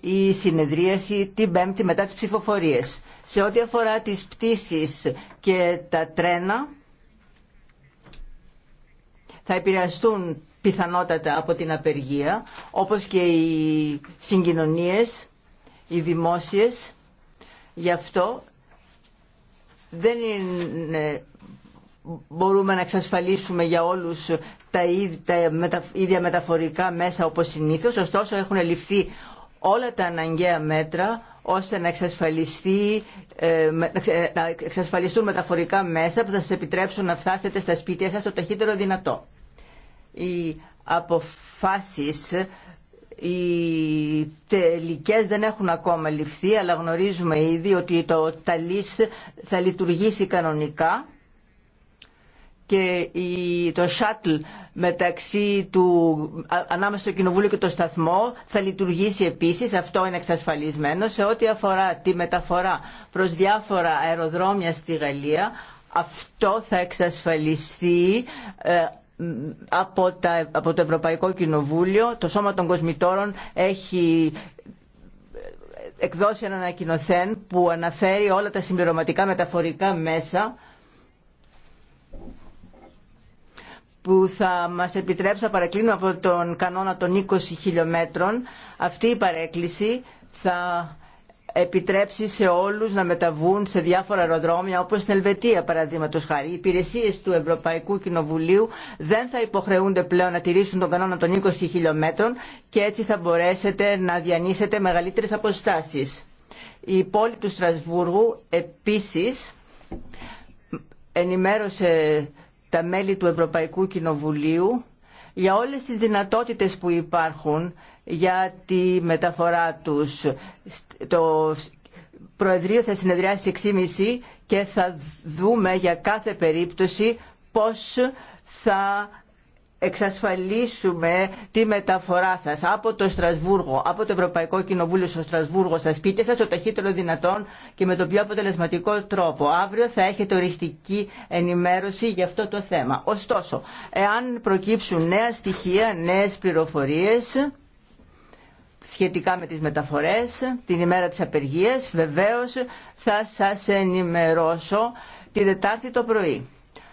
η συνεδρίαση την Πέμπτη μετά τις ψηφοφορίες. Σε ό,τι αφορά τις πτήσεις και τα τρένα θα επηρεαστούν πιθανότατα από την απεργία όπως και οι συγκοινωνίες, οι δημόσιες. Γι' αυτό δεν είναι μπορούμε να εξασφαλίσουμε για όλους τα ίδια μεταφορικά μέσα όπως συνήθως, ωστόσο έχουν ληφθεί όλα τα αναγκαία μέτρα ώστε να, εξασφαλιστεί, ε, να εξασφαλιστούν μεταφορικά μέσα που θα σας επιτρέψουν να φτάσετε στα σπίτια σας το ταχύτερο δυνατό. Οι αποφάσεις, οι τελικές δεν έχουν ακόμα ληφθεί, αλλά γνωρίζουμε ήδη ότι το ταλής θα λειτουργήσει κανονικά και το shuttle μεταξύ του, ανάμεσα στο Κοινοβούλιο και το σταθμό θα λειτουργήσει επίσης, αυτό είναι εξασφαλισμένο, σε ό,τι αφορά τη μεταφορά προς διάφορα αεροδρόμια στη Γαλλία, αυτό θα εξασφαλιστεί ε, από, από το Ευρωπαϊκό Κοινοβούλιο. Το Σώμα των Κοσμητόρων έχει ε, εκδώσει ένα ανακοινοθέν που αναφέρει όλα τα συμπληρωματικά μεταφορικά μέσα που θα μας επιτρέψει να παρεκκλίνουμε από τον κανόνα των 20 χιλιόμετρων. Αυτή η παρέκκληση θα επιτρέψει σε όλους να μεταβούν σε διάφορα αεροδρόμια όπως στην Ελβετία παραδείγματος χάρη. Οι υπηρεσίες του Ευρωπαϊκού Κοινοβουλίου δεν θα υποχρεούνται πλέον να τηρήσουν τον κανόνα των 20 χιλιόμετρων και έτσι θα μπορέσετε να διανύσετε μεγαλύτερες αποστάσεις. Η πόλη του Στρασβούργου επίσης ενημέρωσε τα μέλη του Ευρωπαϊκού Κοινοβουλίου για όλες τις δυνατότητες που υπάρχουν για τη μεταφορά τους. Το Προεδρείο θα συνεδριάσει 6.30 και θα δούμε για κάθε περίπτωση πώς θα εξασφαλίσουμε τη μεταφορά σας από το Στρασβούργο, από το Ευρωπαϊκό Κοινοβούλιο στο Στρασβούργο, στα σπίτια σας, το ταχύτερο δυνατόν και με τον πιο αποτελεσματικό τρόπο. Αύριο θα έχετε οριστική ενημέρωση για αυτό το θέμα. Ωστόσο, εάν προκύψουν νέα στοιχεία, νέες πληροφορίες σχετικά με τις μεταφορές, την ημέρα της απεργίας, βεβαίως θα σας ενημερώσω τη Δετάρτη το πρωί.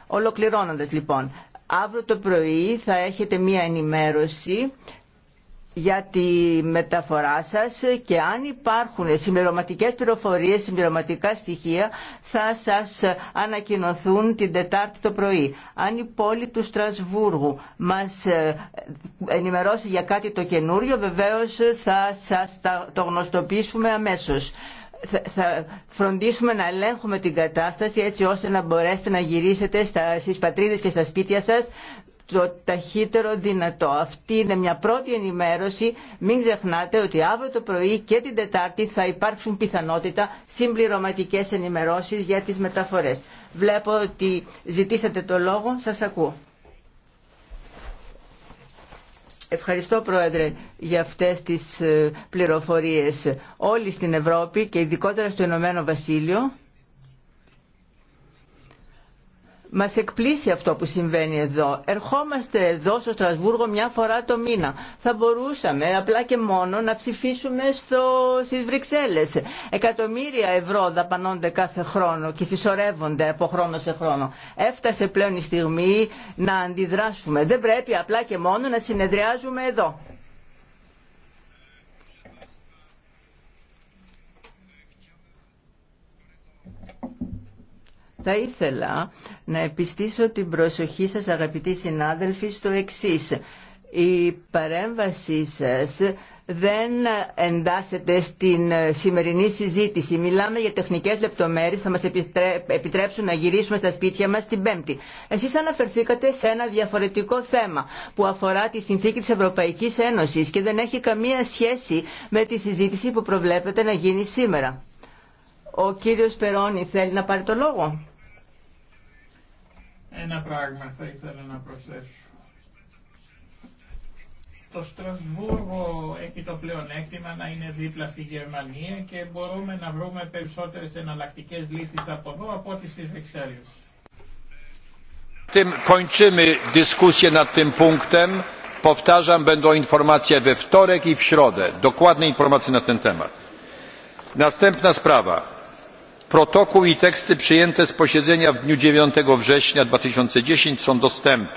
Ολοκληρώνοντας λοιπόν, Αύριο το πρωί θα έχετε μία ενημέρωση για τη μεταφορά σας και αν υπάρχουν συμπληρωματικές πληροφορίες, συμπληρωματικά στοιχεία θα σας ανακοινωθούν την Τετάρτη το πρωί. Αν η πόλη του Στρασβούργου μας ε, ενημερώσει για κάτι το καινούριο βεβαίως θα σας το γνωστοποιήσουμε αμέσως θα φροντίσουμε να ελέγχουμε την κατάσταση έτσι ώστε να μπορέσετε να γυρίσετε στα, στις πατρίδες και στα σπίτια σας το ταχύτερο δυνατό. Αυτή είναι μια πρώτη ενημέρωση. Μην ξεχνάτε ότι αύριο το πρωί και την Τετάρτη θα υπάρξουν πιθανότητα συμπληρωματικές ενημερώσεις για τις μεταφορές. Βλέπω ότι ζητήσατε το λόγο. Σας ακούω. Ευχαριστώ Πρόεδρε για αυτές τις ε, πληροφορίες. Όλοι στην Ευρώπη και ειδικότερα στο Ηνωμένο Βασίλειο Μα εκπλήσει αυτό που συμβαίνει εδώ. Ερχόμαστε εδώ στο Στρασβούργο μια φορά το μήνα. Θα μπορούσαμε απλά και μόνο να ψηφίσουμε στο... στις Εκατομμύρια ευρώ δαπανώνται κάθε χρόνο και συσσωρεύονται από χρόνο σε χρόνο. Έφτασε πλέον η στιγμή να αντιδράσουμε. Δεν πρέπει απλά και μόνο να συνεδριάζουμε εδώ. Θα ήθελα να επιστήσω την προσοχή σας αγαπητοί συνάδελφοι στο εξής. Η παρέμβασή σας δεν εντάσσεται στην σημερινή συζήτηση. Μιλάμε για τεχνικές λεπτομέρειες, θα μας επιτρέψουν να γυρίσουμε στα σπίτια μας την Πέμπτη. Εσείς αναφερθήκατε σε ένα διαφορετικό θέμα που αφορά τη συνθήκη της Ευρωπαϊκής Ένωσης και δεν έχει καμία σχέση με τη συζήτηση που προβλέπετε να γίνει σήμερα. Ο κύριος Περόνι θέλει να πάρει το λόγο. Ένα πράγμα θα ήθελα να προσθέσω. Το Στρασβούργο έχει το πλεονέκτημα να είναι δίπλα στη Γερμανία και μπορούμε να βρούμε περισσότερες εναλλακτικές λύσεις από εδώ από ό,τι στις Βρυξέλλες. Tym kończymy dyskusję nad tym punktem. Powtarzam, będą informacje we wtorek i w środę. Dokładne informacje na ten temat. Następna sprawa Protokół i teksty przyjęte z posiedzenia w dniu 9 września 2010 są dostępne.